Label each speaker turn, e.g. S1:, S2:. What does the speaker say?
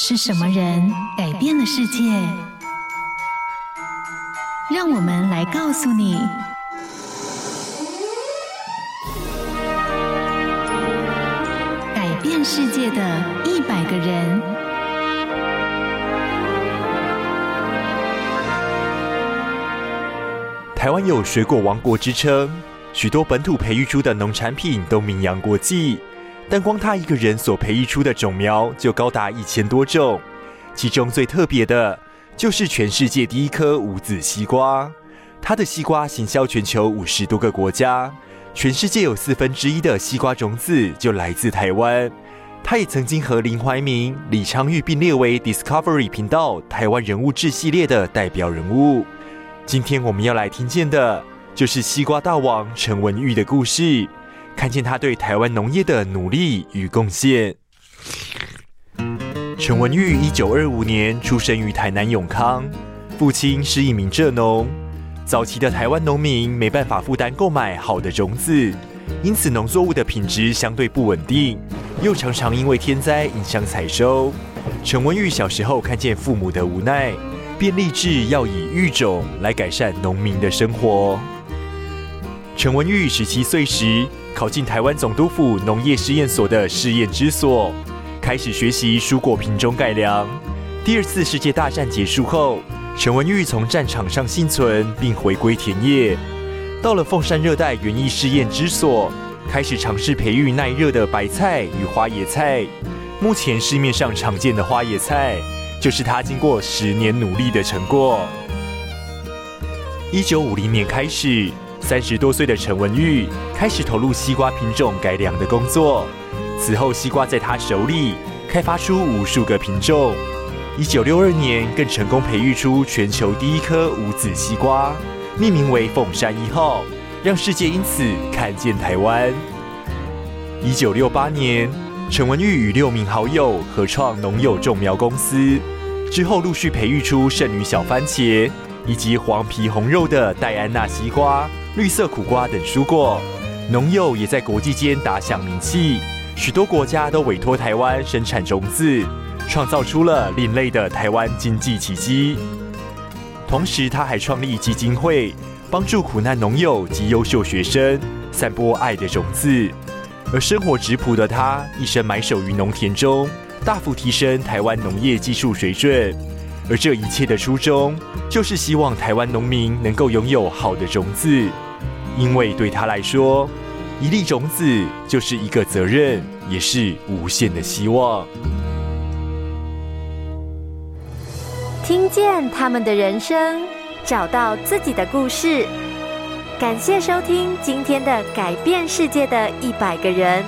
S1: 是什麼人改變了世界？讓我們來告訴你：改變世界的一百個人。台灣有水果王國之稱，許多本土培育出的農產品都名揚國際。但光他一個人所培育出的種苗就高達一千多種，其中最特別的就是全世界第一顆無籽西瓜。他的西瓜行銷全球五十多個國家，全世界有四分之一的西瓜種子就來自台灣。他也曾經和林懷民、李昌鈺並列為 Discovery 頻道台灣人物志系列的代表人物。今天我們要來聽見的就是西瓜大王陳文郁的故事。看見他對台灣農業的努力與貢獻。陳文郁一九二五年出生於台南永康，父親是一名蔗農。早期的台灣農民沒辦法負擔購買好的種子，因此農作物的品質相對不穩定，又常常因為天災影響採收。陳文郁小時候看見父母的無奈，便立志要以育種來改善農民的生活。陳文郁十七歲時，考進台灣總督府農業試驗所的試驗之所，開始學習蔬果品種改良。第二次世界大戰結束後，陳文鬱從戰場上幸存並回歸田野，到了鳳山熱帶園藝試驗之所，開始嘗試培育耐熱的白菜與花椰菜。目前市面上常見的花椰菜，就是他經過十年努力的成果。一九五零年開始。三十多歲的陳文郁開始投入西瓜品種改良的工作。此後，西瓜在他手裡開發出無數個品種。一九六二年，更成功培育出全球第一顆無籽西瓜，命名為“鳳山一號”，讓世界因此看見台灣。一九六八年，陳文郁與六名好友合創農友種苗公司，之後陸續培育出聖女小番茄以及黃皮紅肉的戴安娜西瓜。綠色苦瓜等蔬果，農友也在國際間打響名氣，許多國家都委託台灣生產種子，創造出了另類的台灣經濟奇蹟。同時，他還創立基金會，幫助苦難農友及優秀學生，散播愛的種子。而生活質樸的他，一生埋首於農田中，大幅提升台灣農業技術水準。而這一切的初衷，就是希望台灣農民能夠擁有好的種子。因為對他來說，一粒種子就是一個責任，也是無限的希望。聽見他們的人生，找到自己的故事。感謝收聽今天的《改變世界的一百個人》。